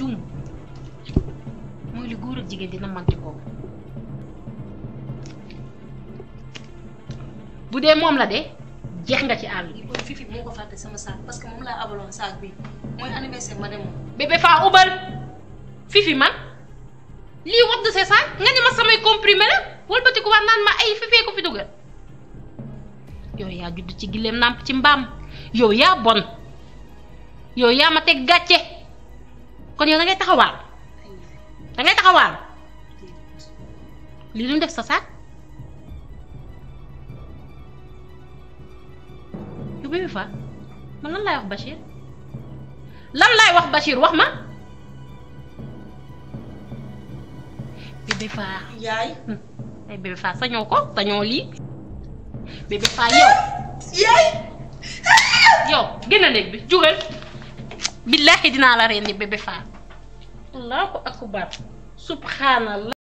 Джун. Мой лигурик дигадина мантиком. bu dee moom la de jeex nga ci am fifi moko faté sama saak parce que mom la abalon saak bi moy anniversaire ma demoon bébé fa ubal fifi man li wad de saak nga ni ma samay comprimé la wëlbatiku wa nan ma ay Fifi ko fi dugal yow ya judd ci gilem nàmp ci mbam yow ya bon yow ya ma teg gatché kon yow da ngay taxawal da ngay taxawal li lu def sa saak yu bébé fa man lan lay wax bashir lan lay wax bashir wax ma bébé fa yaay ay bébé fa ñoko ko ñoo li bébé fa yow yaay yow génn néeg bi jugal بالله دينا على ريني بيبي فا الله اكبر سبحان الله